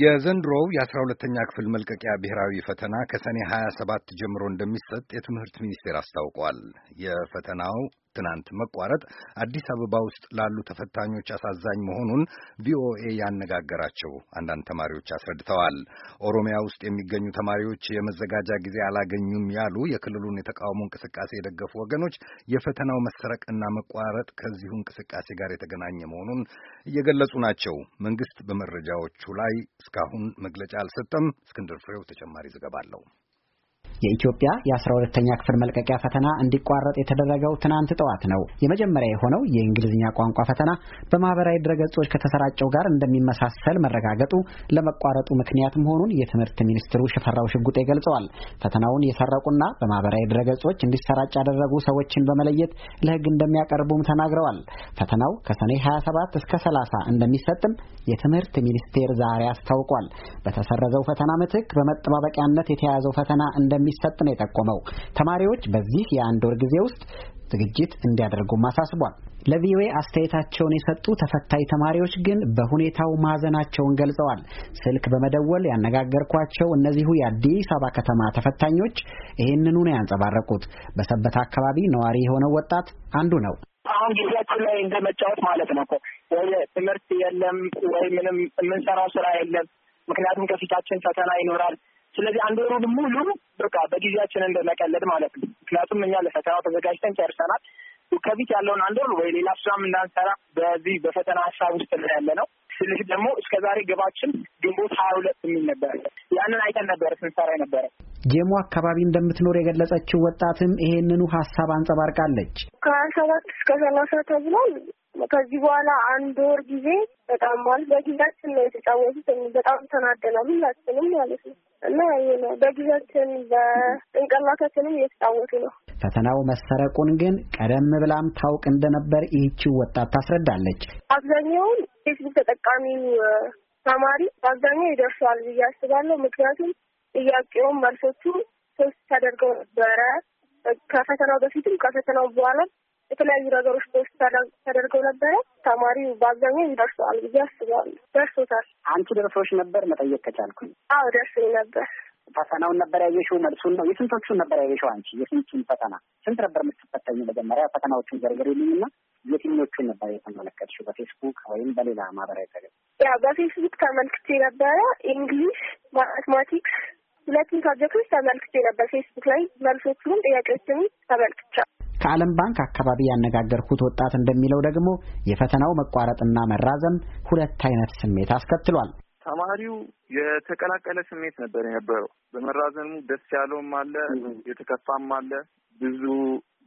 የዘንድሮው የአስራ ሁለተኛ ክፍል መልቀቂያ ብሔራዊ ፈተና ከሰኔ 27 ጀምሮ እንደሚሰጥ የትምህርት ሚኒስቴር አስታውቋል። የፈተናው ትናንት መቋረጥ አዲስ አበባ ውስጥ ላሉ ተፈታኞች አሳዛኝ መሆኑን ቪኦኤ ያነጋገራቸው አንዳንድ ተማሪዎች አስረድተዋል። ኦሮሚያ ውስጥ የሚገኙ ተማሪዎች የመዘጋጃ ጊዜ አላገኙም ያሉ የክልሉን የተቃውሞ እንቅስቃሴ የደገፉ ወገኖች የፈተናው መሰረቅና መቋረጥ ከዚሁ እንቅስቃሴ ጋር የተገናኘ መሆኑን እየገለጹ ናቸው። መንግስት በመረጃዎቹ ላይ እስካሁን መግለጫ አልሰጠም። እስክንድር ፍሬው ተጨማሪ ዘገባ አለው። የኢትዮጵያ የ12ተኛ ክፍል መልቀቂያ ፈተና እንዲቋረጥ የተደረገው ትናንት ጠዋት ነው። የመጀመሪያ የሆነው የእንግሊዝኛ ቋንቋ ፈተና በማህበራዊ ድረገጾች ከተሰራጨው ጋር እንደሚመሳሰል መረጋገጡ ለመቋረጡ ምክንያት መሆኑን የትምህርት ሚኒስትሩ ሽፈራው ሽጉጤ ገልጸዋል። ፈተናውን የሰረቁና በማህበራዊ ድረገጾች እንዲሰራጭ ያደረጉ ሰዎችን በመለየት ለህግ እንደሚያቀርቡም ተናግረዋል። ፈተናው ከሰኔ 27 እስከ 30 እንደሚሰጥም የትምህርት ሚኒስቴር ዛሬ አስታውቋል። በተሰረዘው ፈተና ምትክ በመጠባበቂያነት የተያዘው ፈተና እንደሚ እንደሚሰጥ ነው የጠቆመው። ተማሪዎች በዚህ የአንድ ወር ጊዜ ውስጥ ዝግጅት እንዲያደርጉም አሳስቧል። ለቪኦኤ አስተያየታቸውን የሰጡ ተፈታኝ ተማሪዎች ግን በሁኔታው ማዘናቸውን ገልጸዋል። ስልክ በመደወል ያነጋገርኳቸው እነዚሁ የአዲስ አበባ ከተማ ተፈታኞች ይህንኑ ነው ያንጸባረቁት። በሰበታ አካባቢ ነዋሪ የሆነው ወጣት አንዱ ነው። አሁን ጊዜያችን ላይ እንደመጫወት ማለት ነው ወይ ትምህርት የለም ወይ ምንም የምንሰራው ስራ የለም። ምክንያቱም ከፊታችን ፈተና ይኖራል። ስለዚህ አንድ ወሩ ሙሉ በቃ በጊዜያችን እንደመቀለድ ማለት ነው። ምክንያቱም እኛ ለፈተናው ተዘጋጅተን ጨርሰናል። ከፊት ያለውን አንድ ወር ወይ ሌላ ስራም እንዳንሰራ በዚህ በፈተና ሀሳብ ውስጥ ነው ያለ ነው። ስልህ ደግሞ እስከ ዛሬ ግባችን ግንቦት ሀያ ሁለት የሚል ነበረ። ያንን አይተን ነበረ ስንሰራ ነበረ። ጄሞ አካባቢ እንደምትኖር የገለጸችው ወጣትም ይሄንኑ ሀሳብ አንጸባርቃለች። ከሀያ ሰባት እስከ ሰላሳ ተብሏል። ከዚህ በኋላ አንድ ወር ጊዜ በጣም ማለት በጊዜያችን ነው የተጫወቱት። በጣም ተናደናል ሁላችንም ማለት ነው እና ይ ነው በጊዜያችን በጭንቅላታችንም እየተጫወቱ ነው። ፈተናው መሰረቁን ግን ቀደም ብላም ታውቅ እንደነበር ይህቺው ወጣት ታስረዳለች። አብዛኛውን ፌስቡክ ተጠቃሚው ተማሪ በአብዛኛው ይደርሰዋል ብዬ አስባለሁ። ምክንያቱም ጥያቄውን መልሶቹ ሶስት ተደርገው ነበረ ከፈተናው በፊትም ከፈተናው በኋላም የተለያዩ ነገሮች በውስጥ ተደርገው ነበረ። ተማሪው በአብዛኛው ይደርሰዋል ብዬ አስባለሁ። ደርሶታል። አንቺ ደርሶች ነበር መጠየቅ ከቻልኩኝ? አዎ ደርሶኝ ነበር። ፈተናውን ነበር ያየሽው? መልሱን ነው? የስንቶቹን ነበር ያየሽው አንቺ? የስንቱን ፈተና? ስንት ነበር የምትፈተኝ? መጀመሪያ ፈተናዎቹን ዘርገር የልኝና የትኞቹን ነበር የተመለከትሽው? በፌስቡክ ወይም በሌላ ማህበራዊ ተገ ያ በፌስቡክ ተመልክቼ ነበረ። ኢንግሊሽ፣ ማትማቲክስ ሁለቱን ሳብጀክቶች ተመልክቼ ነበር ፌስቡክ ላይ መልሶቹንም ጥያቄዎችንም ተመልክቻል። ከዓለም ባንክ አካባቢ ያነጋገርኩት ወጣት እንደሚለው ደግሞ የፈተናው መቋረጥና መራዘም ሁለት አይነት ስሜት አስከትሏል። ተማሪው የተቀላቀለ ስሜት ነበር የነበረው። በመራዘሙ ደስ ያለውም አለ፣ የተከፋም አለ። ብዙ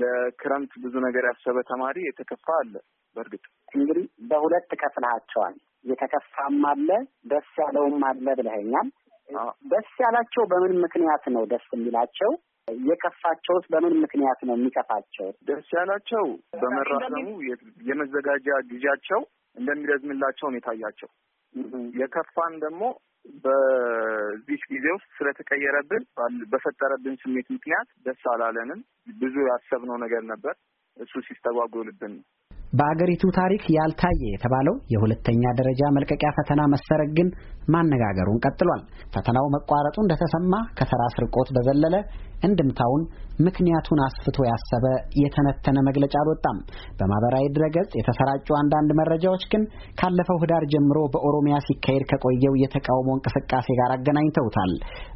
ለክረምት ብዙ ነገር ያሰበ ተማሪ የተከፋ አለ። በእርግጥ እንግዲህ በሁለት ከፍልሃቸዋል። የተከፋም አለ፣ ደስ ያለውም አለ ብለኸኛል። ደስ ያላቸው በምን ምክንያት ነው ደስ የሚላቸው? የከፋቸውስ በምን ምክንያት ነው የሚከፋቸው? ደስ ያላቸው በመራዘሙ የመዘጋጃ ጊዜያቸው እንደሚረዝምላቸው ነው የታያቸው። የከፋን ደግሞ በዚህ ጊዜ ውስጥ ስለተቀየረብን በፈጠረብን ስሜት ምክንያት ደስ አላለንም። ብዙ ያሰብነው ነገር ነበር፣ እሱ ሲስተጓጎልብን ነው። በአገሪቱ ታሪክ ያልታየ የተባለው የሁለተኛ ደረጃ መልቀቂያ ፈተና መሰረግ ግን ማነጋገሩን ቀጥሏል። ፈተናው መቋረጡ እንደተሰማ ከተራ ስርቆት በዘለለ እንድምታውን ምክንያቱን አስፍቶ ያሰበ የተነተነ መግለጫ አልወጣም። በማህበራዊ ድረገጽ የተሰራጩ አንዳንድ መረጃዎች ግን ካለፈው ህዳር ጀምሮ በኦሮሚያ ሲካሄድ ከቆየው የተቃውሞ እንቅስቃሴ ጋር አገናኝተውታል።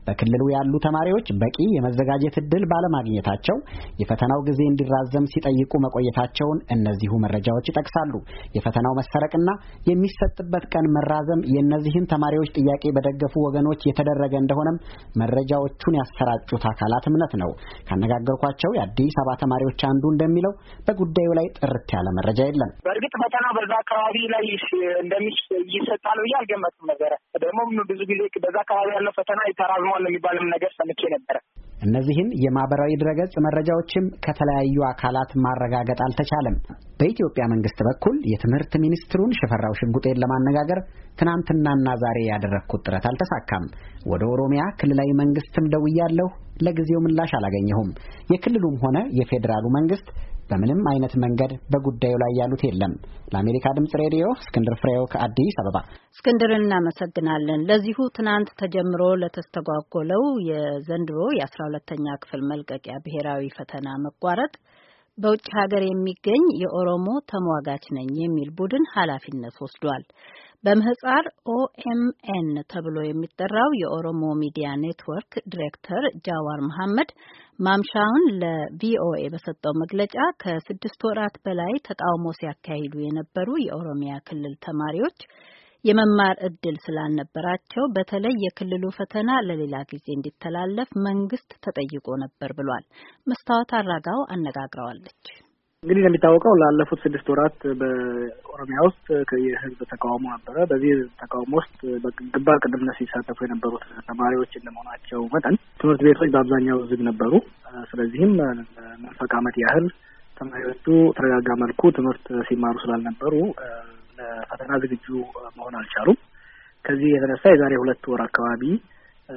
በክልሉ ያሉ ተማሪዎች በቂ የመዘጋጀት እድል ባለማግኘታቸው የፈተናው ጊዜ እንዲራዘም ሲጠይቁ መቆየታቸውን እነዚሁ መረጃ መረጃዎች ይጠቅሳሉ። የፈተናው መሰረቅና የሚሰጥበት ቀን መራዘም የእነዚህን ተማሪዎች ጥያቄ በደገፉ ወገኖች የተደረገ እንደሆነም መረጃዎቹን ያሰራጩት አካላት እምነት ነው። ካነጋገርኳቸው የአዲስ አበባ ተማሪዎች አንዱ እንደሚለው በጉዳዩ ላይ ጥርት ያለ መረጃ የለም። በእርግጥ ፈተናው በዛ አካባቢ ላይ እንደሚስ ብዬ አልገመትም ነበረ። ደግሞ ብዙ ጊዜ በዛ አካባቢ ያለው ፈተና ተራዝሟል የሚባልም ነገር ሰምቼ ነበረ። እነዚህን የማህበራዊ ድረገጽ መረጃዎችም ከተለያዩ አካላት ማረጋገጥ አልተቻለም። በኢትዮጵያ መንግስት በኩል የትምህርት ሚኒስትሩን ሽፈራው ሽጉጤን ለማነጋገር ትናንትናና ዛሬ ያደረግኩት ጥረት አልተሳካም። ወደ ኦሮሚያ ክልላዊ መንግስትም ደውያለሁ፣ ለጊዜው ምላሽ አላገኘሁም። የክልሉም ሆነ የፌዴራሉ መንግስት በምንም አይነት መንገድ በጉዳዩ ላይ ያሉት የለም። ለአሜሪካ ድምጽ ሬዲዮ እስክንድር ፍሬው ከአዲስ አበባ። እስክንድር እናመሰግናለን። ለዚሁ ትናንት ተጀምሮ ለተስተጓጎለው የዘንድሮ የአስራ ሁለተኛ ክፍል መልቀቂያ ብሔራዊ ፈተና መቋረጥ በውጭ ሀገር የሚገኝ የኦሮሞ ተሟጋች ነኝ የሚል ቡድን ኃላፊነት ወስዷል። በምህፃር ኦኤምኤን ተብሎ የሚጠራው የኦሮሞ ሚዲያ ኔትወርክ ዲሬክተር ጃዋር መሐመድ ማምሻውን ለቪኦኤ በሰጠው መግለጫ ከስድስት ወራት በላይ ተቃውሞ ሲያካሂዱ የነበሩ የኦሮሚያ ክልል ተማሪዎች የመማር እድል ስላልነበራቸው በተለይ የክልሉ ፈተና ለሌላ ጊዜ እንዲተላለፍ መንግስት ተጠይቆ ነበር ብሏል። መስታወት አራጋው አነጋግረዋለች። እንግዲህ እንደሚታወቀው ላለፉት ስድስት ወራት በኦሮሚያ ውስጥ የህዝብ ተቃውሞ ነበረ። በዚህ ተቃውሞ ውስጥ በግንባር ቀደምትነት ሲሳተፉ የነበሩት ተማሪዎች እንደመሆናቸው መጠን ትምህርት ቤቶች በአብዛኛው ዝግ ነበሩ። ስለዚህም መንፈቅ ዓመት ያህል ተማሪዎቹ ተረጋጋ መልኩ ትምህርት ሲማሩ ስላልነበሩ ለፈተና ዝግጁ መሆን አልቻሉም። ከዚህ የተነሳ የዛሬ ሁለት ወር አካባቢ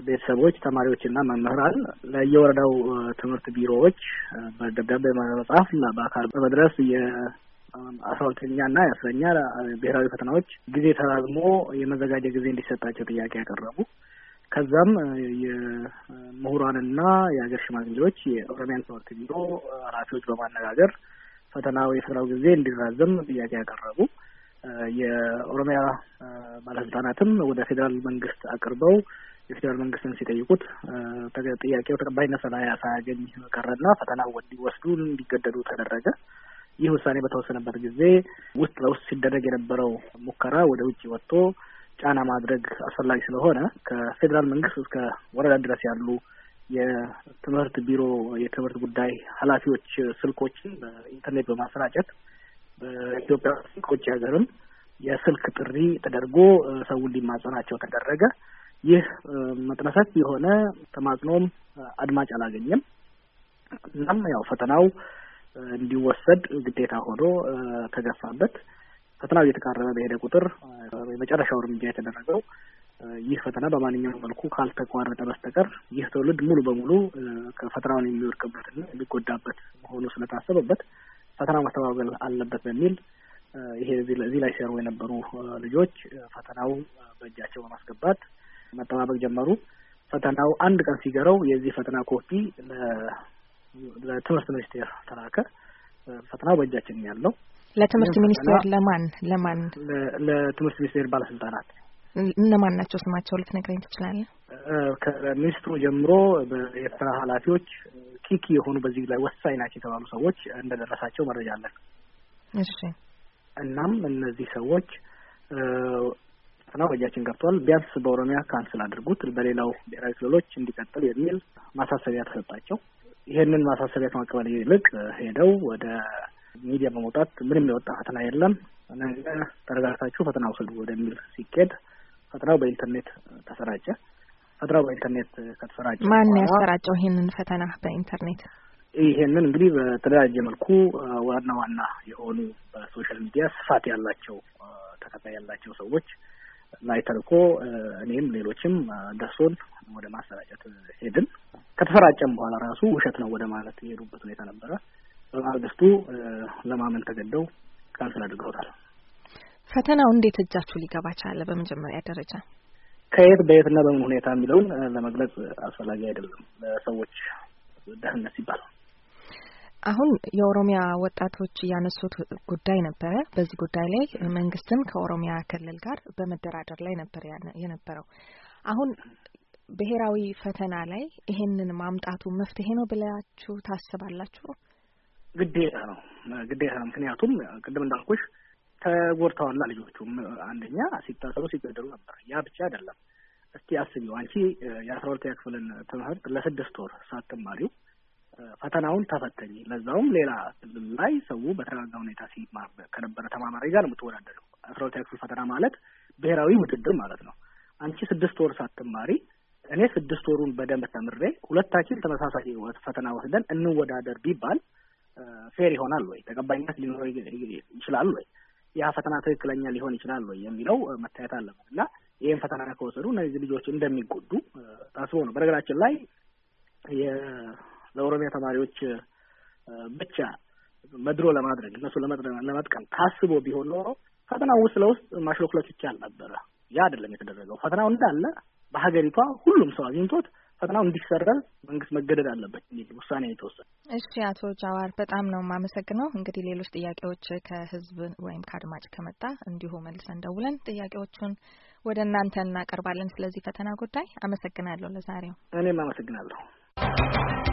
ቤተሰቦች፣ ተማሪዎችና መምህራን ለየወረዳው ትምህርት ቢሮዎች በደብዳቤ በመጻፍ እና በአካል በመድረስ አስራ ሁለተኛና የአስረኛ ብሔራዊ ፈተናዎች ጊዜ ተራዝሞ የመዘጋጀ ጊዜ እንዲሰጣቸው ጥያቄ ያቀረቡ ከዛም የምሁራንና የሀገር ሽማግሌዎች የኦሮሚያን ትምህርት ቢሮ ኃላፊዎች በማነጋገር ፈተናው የፈተናው ጊዜ እንዲራዘም ጥያቄ ያቀረቡ የኦሮሚያ ባለስልጣናትም ወደ ፌዴራል መንግስት አቅርበው የፌዴራል መንግስትን ሲጠይቁት ጥያቄው ተቀባይነት ሳያገኝ ቀረና ፈተና እንዲወስዱ እንዲገደዱ ተደረገ። ይህ ውሳኔ በተወሰነበት ጊዜ ውስጥ ለውስጥ ሲደረግ የነበረው ሙከራ ወደ ውጭ ወጥቶ ጫና ማድረግ አስፈላጊ ስለሆነ ከፌዴራል መንግስት እስከ ወረዳ ድረስ ያሉ የትምህርት ቢሮ የትምህርት ጉዳይ ኃላፊዎች ስልኮችን በኢንተርኔት በማሰራጨት በኢትዮጵያ ውጭ ሀገርም የስልክ ጥሪ ተደርጎ ሰው እንዲማጸናቸው ተደረገ። ይህ መጥነሰት የሆነ ተማጽኖም አድማጭ አላገኘም። እናም ያው ፈተናው እንዲወሰድ ግዴታ ሆኖ ተገፋበት። ፈተናው እየተቃረበ በሄደ ቁጥር የመጨረሻው እርምጃ የተደረገው ይህ ፈተና በማንኛውም መልኩ ካልተቋረጠ በስተቀር ይህ ትውልድ ሙሉ በሙሉ ከፈተናውን የሚወድቅበትና የሚጎዳበት መሆኑ ስለታሰበበት ፈተናው መስተጓጎል አለበት በሚል ይሄ እዚህ ላይ ሲሰሩ የነበሩ ልጆች ፈተናው በእጃቸው በማስገባት መጠባበቅ ጀመሩ። ፈተናው አንድ ቀን ሲገረው የዚህ ፈተና ኮፒ ለትምህርት ሚኒስቴር ተላከ። ፈተናው በእጃችን ያለው ለትምህርት ሚኒስቴር ለማን ለማን? ለትምህርት ሚኒስቴር ባለስልጣናት እነማን ናቸው? ስማቸው ልትነግረኝ ትችላለህ? ከሚኒስትሩ ጀምሮ የፈተና ኃላፊዎች ኪኪ የሆኑ በዚህ ላይ ወሳኝ ናቸው የተባሉ ሰዎች እንደደረሳቸው መረጃ አለን። እሺ። እናም እነዚህ ሰዎች ነው በእጃችን ገብቷል። ቢያንስ በኦሮሚያ ካንስል አድርጉት፣ በሌላው ብሔራዊ ክልሎች እንዲቀጥል የሚል ማሳሰቢያ ተሰጣቸው። ይህንን ማሳሰቢያ ከመቀበል ይልቅ ሄደው ወደ ሚዲያ በመውጣት ምንም የወጣ ፈተና የለም ነገ ተረጋግታችሁ ፈተና ውሰዱ ወደሚል ሲኬድ ፈተናው በኢንተርኔት ተሰራጨ። ፈተናው በኢንተርኔት ከተሰራጨ ማን ያሰራጨው ይህንን ፈተና በኢንተርኔት? ይሄንን እንግዲህ በተደራጀ መልኩ ዋና ዋና የሆኑ በሶሻል ሚዲያ ስፋት ያላቸው ተከታይ ያላቸው ሰዎች ላይ ተልኮ እኔም ሌሎችም ደርሶን ወደ ማሰራጨት ሄድን። ከተሰራጨም በኋላ ራሱ ውሸት ነው ወደ ማለት የሄዱበት ሁኔታ ነበረ። በማግስቱ ለማመን ተገደው ካንስል አድርገውታል። ፈተናው እንዴት እጃችሁ ሊገባ ቻለ? በመጀመሪያ ደረጃ ከየት በየትና በምን ሁኔታ የሚለውን ለመግለጽ አስፈላጊ አይደለም። ለሰዎች ደህንነት ሲባል አሁን የኦሮሚያ ወጣቶች እያነሱት ጉዳይ ነበረ። በዚህ ጉዳይ ላይ መንግስትም ከኦሮሚያ ክልል ጋር በመደራደር ላይ ነበር የነበረው። አሁን ብሔራዊ ፈተና ላይ ይሄንን ማምጣቱ መፍትሄ ነው ብላችሁ ታስባላችሁ? ግዴታ ነው፣ ግዴታ ነው። ምክንያቱም ቅድም እንዳልኩሽ ተጎድተዋላ ልጆቹ አንደኛ ሲታሰሩ ሲገደሉ ነበር። ያ ብቻ አይደለም። እስቲ አስቢው አንቺ የአስራ ሁለተኛ ክፍልን ትምህርት ለስድስት ወር ሳትማሪው ፈተናውን ተፈተኝ። ለዛውም ሌላ ክልል ላይ ሰው በተረጋጋ ሁኔታ ሲማር ከነበረ ተማማሪ ጋር ነው የምትወዳደረው። አስራ ሁለተኛ ክፍል ፈተና ማለት ብሔራዊ ውድድር ማለት ነው። አንቺ ስድስት ወር ሳትማሪ እኔ ስድስት ወሩን በደንብ ተምሬ ሁለታችን ተመሳሳይ ፈተና ወስደን እንወዳደር ቢባል ፌር ይሆናል ወይ? ተቀባይነት ሊኖር ይችላል ወይ? ያ ፈተና ትክክለኛ ሊሆን ይችላል ወይ የሚለው መታየት አለበት እና ይህን ፈተና ከወሰዱ እነዚህ ልጆች እንደሚጎዱ ታስቦ ነው። በነገራችን ላይ ለኦሮሚያ ተማሪዎች ብቻ መድሮ ለማድረግ እነሱ ለመጥቀም ታስቦ ቢሆን ኖሮ ፈተናው ውስጥ ለውስጥ ማሽሎክሎች ይቻል ነበረ። ያ አይደለም የተደረገው። ፈተናው እንዳለ በሀገሪቷ ሁሉም ሰው አግኝቶት ፈተናው እንዲሰረዝ መንግስት መገደድ አለበት የሚል ውሳኔ የተወሰነ። እሺ፣ አቶ ጃዋር በጣም ነው የማመሰግነው። እንግዲህ ሌሎች ጥያቄዎች ከህዝብ ወይም ከአድማጭ ከመጣ እንዲሁ መልሰን ደውለን ጥያቄዎቹን ወደ እናንተ እናቀርባለን። ስለዚህ ፈተና ጉዳይ አመሰግናለሁ። ለዛሬው እኔም አመሰግናለሁ።